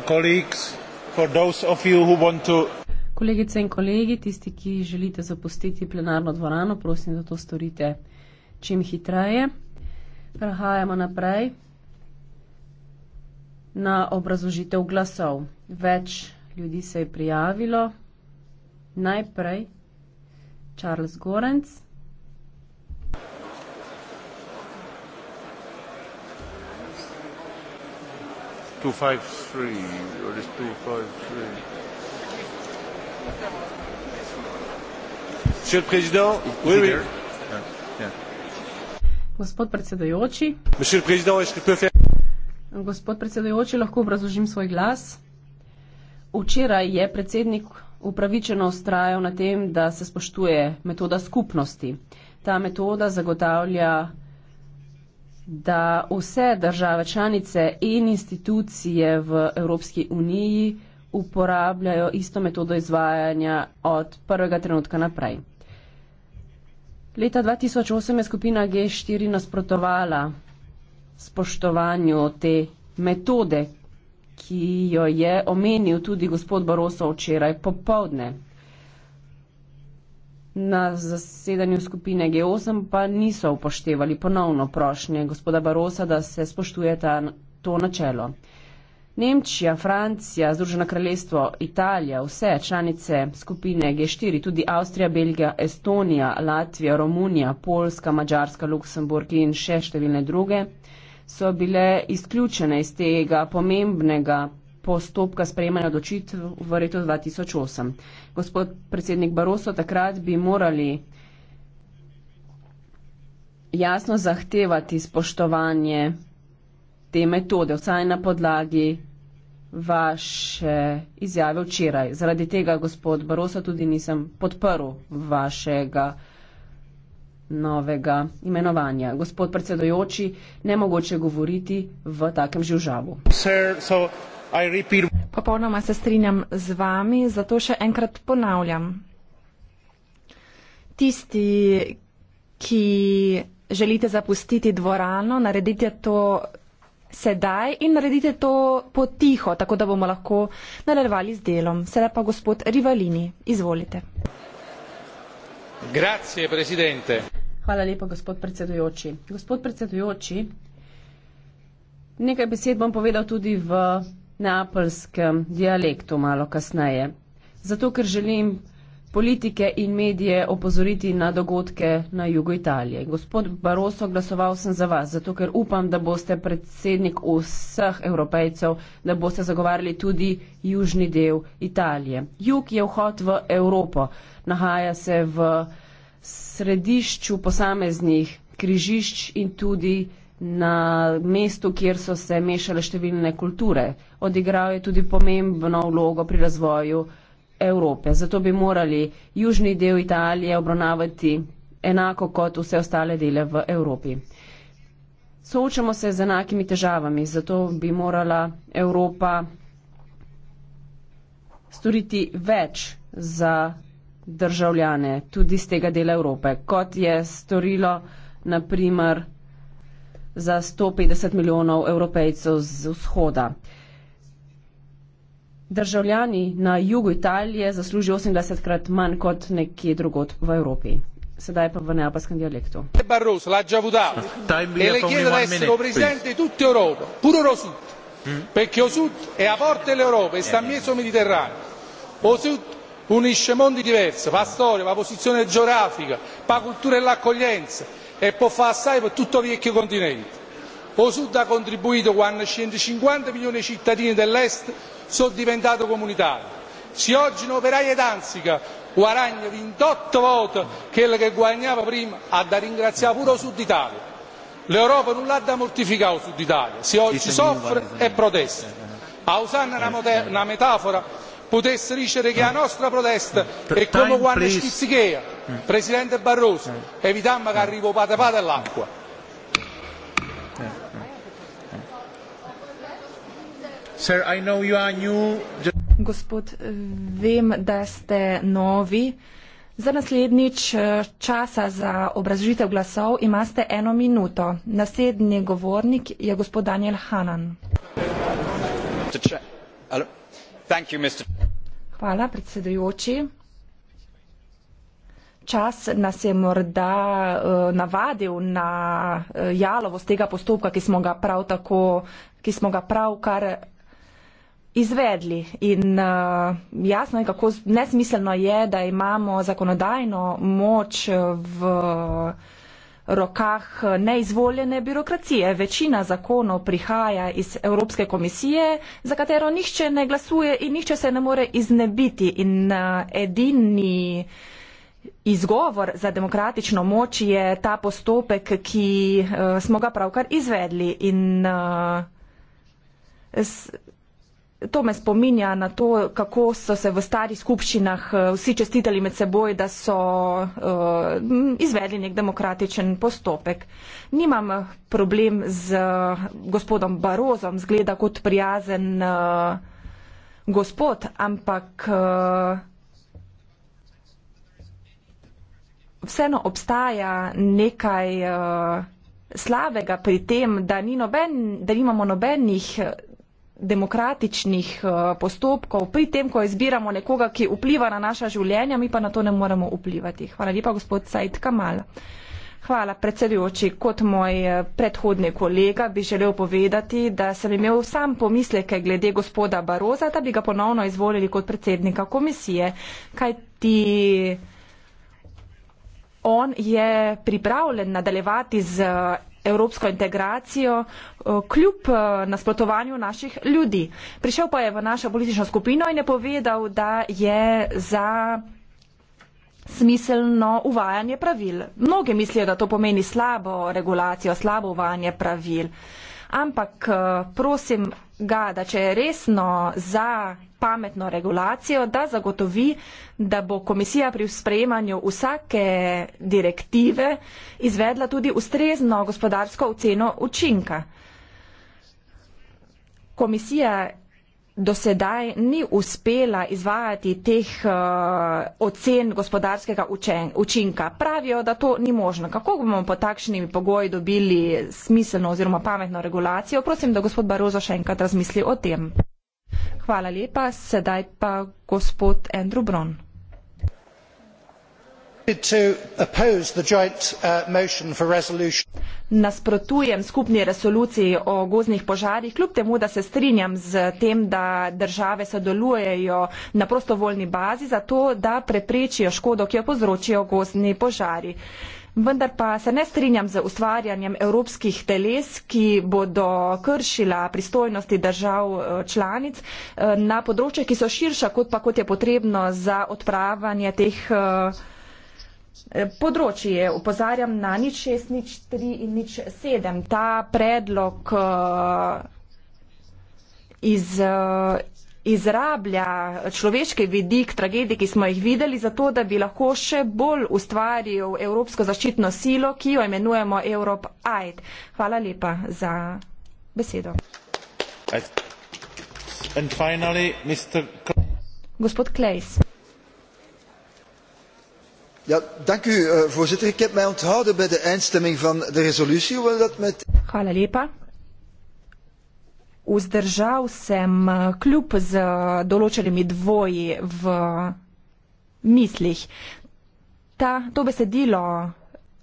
Kolegice in kolegi, tisti, ki želite zapustiti plenarno dvorano, prosim, da to storite čim hitreje. Prehajamo naprej na obrazložitev glasov. Več ljudi se je prijavilo. Najprej Charles Gorenc. Monsieur le Président, oui, oui. Gospod predsedujoči, Monsieur le Président, est-ce que je peux faire... gospod predsedujoči, lahko obrazložim svoj glas. Včeraj je predsednik upravičeno ustrajal na tem, da se spoštuje metoda skupnosti. Ta metoda zagotavlja da vse države članice in institucije v Evropski uniji uporabljajo isto metodo izvajanja od prvega trenutka naprej. Leta 2008 je skupina G4 nasprotovala spoštovanju te metode, ki jo je omenil tudi gospod Baroso včeraj popovdne. Na zasedanju skupine G8 pa niso upoštevali ponovno prošnje gospoda Barosa, da se spoštujeta to načelo. Nemčija, Francija, Združeno kraljestvo, Italija, vse članice skupine G4, tudi Avstrija, Belgija, Estonija, Latvija, Romunija, Poljska, Mačarska, Luksemburg in še številne druge, so bile izključene iz tega pomembnega postopka sprejemanja odločitev v letu 2008. Gospod predsednik Baroso, takrat bi morali jasno zahtevati spoštovanje te metode, vsaj na podlagi vaše izjave včeraj. Zaradi tega, gospod Baroso, tudi nisem podprl vašega novega imenovanja. Gospod predsedojoči, nemogoče govoriti v takem žužavu. Sir, so... Popolnoma se strinjam z vami, zato še enkrat ponavljam. Tisti, ki želite zapustiti dvorano, naredite to sedaj in naredite to potiho, tako da bomo lahko nadaljevali z delom. Sedaj pa gospod Rivalini, izvolite. Grazie, presidente. Hvala lepa, gospod predsedujoči. Gospod predsedujoči, nekaj besed bom povedal tudi v neapeljskem dialektu malo kasneje. Zato, ker želim politike in medije opozoriti na dogodke na jugu Italije. Gospod Baroso, glasoval sem za vas, zato ker upam, da boste predsednik vseh evropejcev, da boste zagovarjali tudi južni del Italije. Jug je vhod v Evropo, nahaja se v središču posameznih križišč in tudi na mestu, kjer so se mešale številne kulture. Odigral je tudi pomembno vlogo pri razvoju Evrope. Zato bi morali južni del Italije obravnavati enako kot vse ostale dele v Evropi. Soočamo se z enakimi težavami, zato bi morala Evropa storiti več za državljane tudi z tega dela Evrope, kot je storilo naprimer za 150 milijonov evropejcev z vzhoda. Državljani na jugu Italije zaslužijo 80 krat manj kot nekje drugod v Evropi. Sedaj pa v neapaskem dialektu. Ah, e mm. e eh. Unisce mondi diversi, fa storia, fa posizione geografica, fa cultura e l'accoglienza e può fare assai per tutto il vecchio continente. Il Sud ha contribuito quando 150 milioni di cittadini dell'Est sono diventati comunitari. Se oggi un operaio d'Anzica guadagna 28 volte quello che guadagnava prima, ha da ringraziare pure il Sud Italia. L'Europa non l'ha da mortificare il Sud Italia, se oggi soffre e protesta. Eh, eh. A usare una, eh, una metafora, potesse dire che la mm. nostra protesta mm. è come quando schizzichea. Mm. Presidente Barroso, evitiamo che arrivo pata pata all'acqua. Sir, I know you are new. Just... Gospod, eh, vem, da ste novi. Za naslednjič eh, časa za obrazložitev glasov imate eno minuto. Naslednji govornik je gospod Daniel Hanan. Hvala, gospod predsednik. Hvala, predsedujoči. Čas nas je morda eh, navadil na eh, jalovost tega postopka, ki smo ga prav tako, ki smo ga prav kar izvedli. In eh, jasno je, kako nesmiselno je, da imamo zakonodajno moč v Hrvatskoj, rokah eh, neizvoljene birokracije. Večina zakonov prihaja iz Evropske komisije, za katero nihče ne glasuje in nihče se ne more iznebiti. In eh, edini izgovor za demokratično moč je ta postopek, ki eh, smo ga pravkar izvedli. In To me spominja na to, kako so se v starih skupščinah eh, vsi čestitali med seboj, da so uh, izvedli nek demokratičen postopek. Nimam eh, problem z gospodom Barozom, zgleda kot prijazen uh, gospod, ampak uh, vseeno obstaja nekaj. Uh, slabega pri tem, da, ni noben, da nimamo nobenih demokratičnih eh, postopkov, pri tem, ko izbiramo nekoga, ki vpliva na naša življenja, mi pa na to ne moremo vplivati. Hvala lepa, gospod Said Kamal. Hvala, predsedujoči. Kot moj eh, predhodni kolega bi želel povedati, da sem imel sam pomisleke glede gospoda Baroza, da bi ga ponovno izvolili kot predsednika komisije. Kaj ti on je pripravljen nadaljevati z evropsko integracijo, eh, kljub eh, nasprotovanju naših ljudi. Prišel pa je v našo politično skupino in je povedal, da je za smiselno uvajanje pravil. Mnogi mislijo, da to pomeni slabo regulacijo, slabo uvajanje pravil ampak eh, prosim ga, da če je resno za pametno regulacijo, da zagotovi, da bo komisija pri sprejemanju vsake direktive izvedla tudi ustrezno gospodarsko oceno učinka. Komisija dosedaj ni uspela izvajati teh uh, ocen gospodarskega učen, učinka. Pravijo, da to ni možno. Kako bomo po takšnimi pogoji dobili smiselno oziroma pametno regulacijo? Prosim, da gospod Barozo še enkrat razmisli o tem. Hvala lepa. Sedaj pa gospod Andrew Bron. Uh, nasprotujem skupni resoluciji o gozdnih požarih kljub temu da se strinjam z tem da države sodelujejo na prostovoljni bazi zato da preprečijo škodo ki jo povzročijo gozdni požari vendar pa se ne strinjam z ustvarjanjem evropskih teles ki bodo kršila pristojnosti držav uh, članic uh, na področjih ki so širša kot pa kot je potrebno za odpravljanje teh Eh, področje, upozarjam na nič 6, nič 3 in nič 7. Ta predlog eh, iz, eh, izrablja človeški vidik tragedije, ki smo jih videli, zato da bi lahko še bolj ustvaril evropsko zaščitno silo, ki jo imenujemo Europe Aid. Hvala lepa za besedo. Gospod Klejs. Ja, eh, voorzitter ik heb mij onthouden bij de eindstemming van de resolutie hoewel dat met. Vzdržal sem eh, kljub z določenimi dvoji v mislih. Ta, to besedilo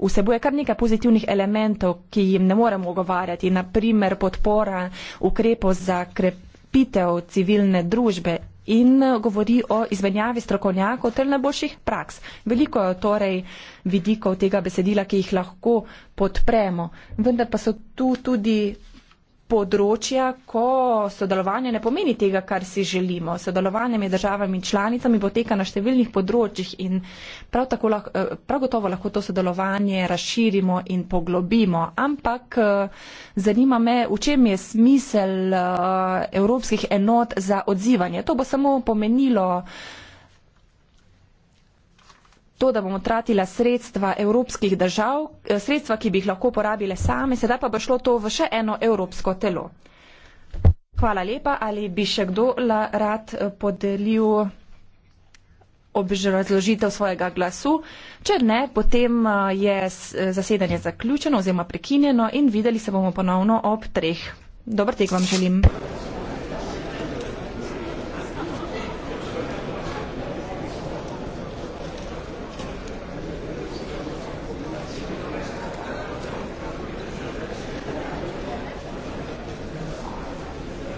vsebuje kar nekaj pozitivnih elementov, ki jim ne moremo ogovarjati, naprimer podpora ukrepov za krepitev civilne družbe in eh, govori o izmenjavi strokovnjakov ter najboljših praks. Veliko je torej vidikov tega besedila, ki jih lahko podpremo, vendar pa so tu tudi področja, ko sodelovanje ne pomeni tega, kar si želimo. Sodelovanje med državami in članicami poteka na številnih področjih in prav, lahko, eh, prav gotovo lahko to sodelovanje razširimo in poglobimo. Ampak eh, zanima me, v čem je smisel eh, evropskih enot za odzivanje. To bo samo pomenilo, to, da bomo tratila sredstva evropskih držav, eh, sredstva, ki bi jih lahko porabile same, sedaj pa bo šlo to v še eno evropsko telo. Hvala lepa. Ali bi še kdo rad eh, podelil obžrazložitev svojega glasu? Če ne, potem eh, je zasedanje zaključeno oziroma prekinjeno in videli se bomo ponovno ob treh. Dobar tek vam želim.